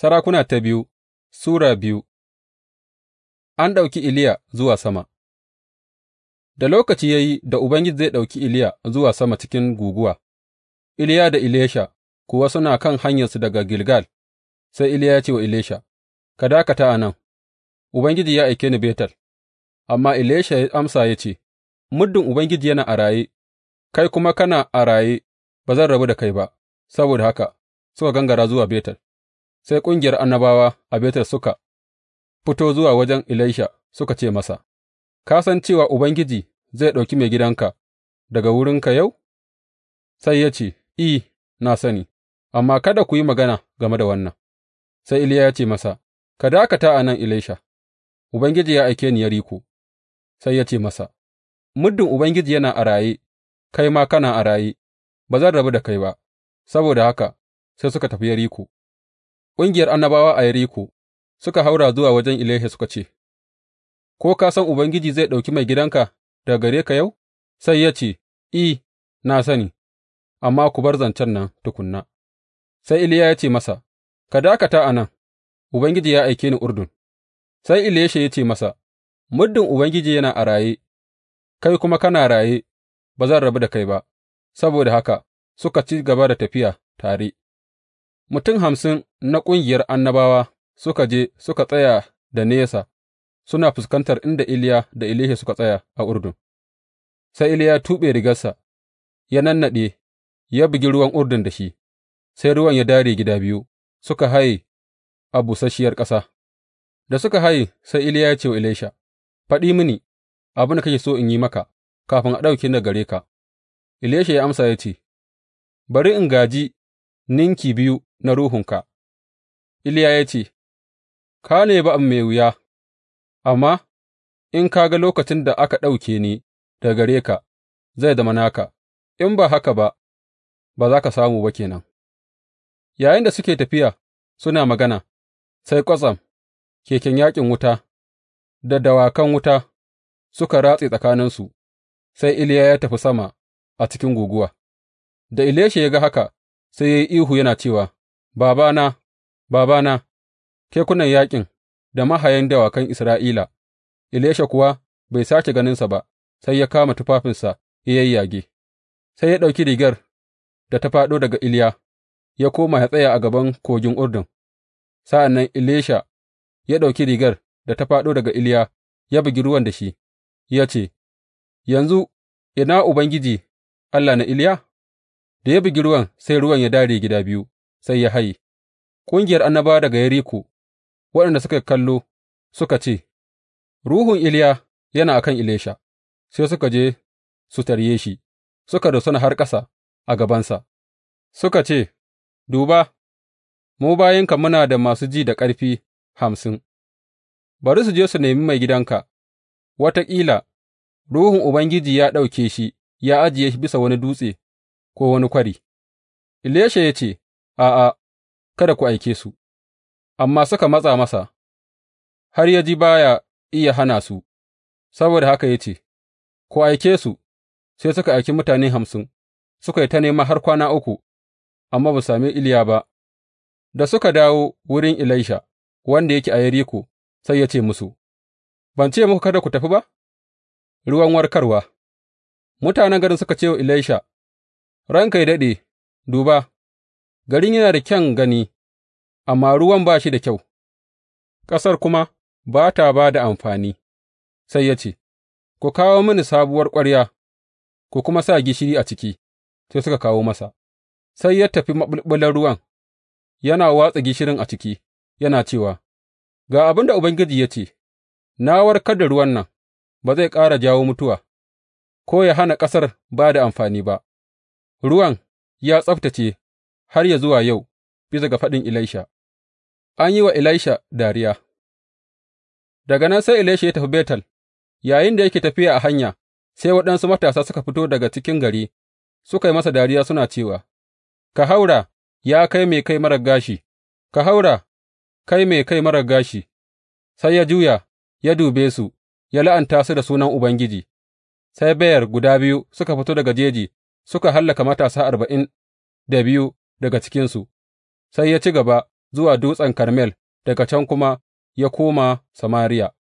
Sarakuna ta biyu Sura biyu An ɗauki Iliya zuwa sama Da lokaci ya yi da Ubangiji zai ɗauki Iliya zuwa sama cikin guguwa, Iliya da Ilesha, kuwa suna kan hanyarsu daga Gilgal, sai Iliya ya ce wa Ilesha. Ka dakata a nan, Ubangiji ya aike ni Betel, amma Ilesha ya amsa ya ce, Muddin Ubangiji yana a raye, kai kuma kana a raye, ba zan rabu da kai ba, saboda haka suka gangara zuwa Betel. Sai ƙungiyar annabawa a Betel suka fito zuwa wajen Elisha suka ce masa, Ka san cewa Ubangiji zai ɗauki mai gidanka daga wurinka yau? Sai ya ce, I, na sani, amma kada ku yi magana game da wannan. Sai Iliya ya ce masa, Ka dakata a nan, Elisha, Ubangiji ya aike ni Yeriko. Sai ya ce masa, Muddin Ubangiji yana a raye, kai ma kana a raye, ba zan rabu da kai ba, saboda haka sai suka tafi Yeriko. ƙungiyar annabawa a Yeriko suka haura zuwa wajen Elisha suka ce, Ko ka san Ubangiji zai ɗauki mai gidanka daga gare ka yau? Sai ya ce, I, na sani, amma ku bar zancen nan tukunna. Sai Iliya ya ce masa, Ka dakata a nan, Ubangiji ya aike ni Urdun. Sai Elisha ya ce masa, Muddin Ubangiji yana a raye, kai kuma kana raye, ba zan rabu da kai ba, saboda haka suka ci gaba da tafiya tare. mutum hamsin na ƙungiyar annabawa suka je suka tsaya da nesa suna fuskantar inda Iliya da Elisha suka tsaya a Urdun, sai Iliya ya tuɓe rigarsa, ya nannaɗe, ya bugi ruwan Urdun da shi, sai ruwan ya dare gida biyu, suka haye a busasshiyar ƙasa. Da suka haye, sai Iliya ya ce wa Elisha, Faɗi mini abin da kake so in yi maka kafin a ɗauki daga gare ka. Elisha ya amsa ya ce, Bari in gaji ninki biyu na ruhunka. Iliya ya ce, Ka nemi ba mai wuya, amma in ka ga lokacin da aka ɗauke ni daga gare ka, zai zama naka, in ba haka ba, ba za ka samu ba kenan. Yayin da suke tafiya suna magana, sai kwatsam keken yaƙin wuta da dawakan wuta suka ratse tsakaninsu, sai Iliya ya tafi sama a cikin guguwa. Da Elisha ya ga haka, sai ya yi ihu yana cewa. Babana, Babana, kekunan yaƙin da mahayan dawakan Isra'ila!’ Elisha kuwa bai sāke ganinsa ba, sai ya kama tufafinsa ya yayyage, sai ya ɗauki rigar da ta fāɗo daga Iliya ya koma ya tsaya a gaban kogin Urdun, sa'an nan Elisha ya ɗauki rigar da ta fāɗo daga Iliya ya bugi ruwan da shi, ya ce, Yanzu ina Ubangiji, Allah na Iliya? Da ya bugi ruwan sai ruwan ya dare gida biyu. sai ya haye, ƙungiyar annabawa daga Yeriko waɗanda suka yi kallo suka ce, Ruhun Iliya yana a kan Ilesha, sai suka je su tarye shi, suka rusuna har ƙasa a gabansa, suka ce, Duba, mu bayinka muna da masu ji da ƙarfi hamsin, bari su je su nemi mai gidanka, wataƙila Ruhun Ubangiji ya ɗauke shi ya ajiye shi bisa wani dutse ko wani kwari. Ilesha ya ce, A'a, kada ku aike su, amma suka matsa masa, har ya ji ba ya iya hana su, saboda haka ya ce, Ku aike su, sai suka aiki mutane hamsin, suka yi ta nema har kwana uku, amma ba su sami Iliya ba, da suka dawo wurin Ilaisha, wanda yake a Yeriko, sai ya ce musu, Ban ce muku kada ku tafi ba? Ruwan warkarwa Mutanen garin suka ce wa Ilaisha. Ranka yă daɗe, duba, Garin yana da kyan gani, amma ruwan ba shi da kyau, ƙasar kuma ba ta ba da amfani, sai ya ce, Ku kawo mini sabuwar ƙwarya, ku kuma sa gishiri a ciki, sai suka kawo masa, sai ya tafi maɓulɓular ruwan, yana watsa gishirin a ciki, yana cewa, Ga abin da Ubangiji ya ce, Na warkar da ruwan nan, ba zai ƙara jawo mutuwa, ko ya hana ƙasar ba da amfani ba, ruwan ya tsaftace. har yă zuwa yau, bisa ga faɗin Elisha, an yi wa Elisha dariya. Daga nan sai Elisha ya tafi Betel, yayinda yake tafiya a hanya, sai waɗansu matasa suka fito daga cikin gari suka yi masa dariya suna cewa, Ka haura, ya kai mai kai marar gashi, ka haura, kai mai kai marar gashi, sai ya juya, ya dube su, ya la'anta su da sunan Ubangiji, sai bayar guda biyu suka fito daga jeji suka hallaka matasa arba'in da biyu daga cikinsu, sai ya ci gaba zuwa Dutsen Karmel, daga can kuma ya koma Samariya.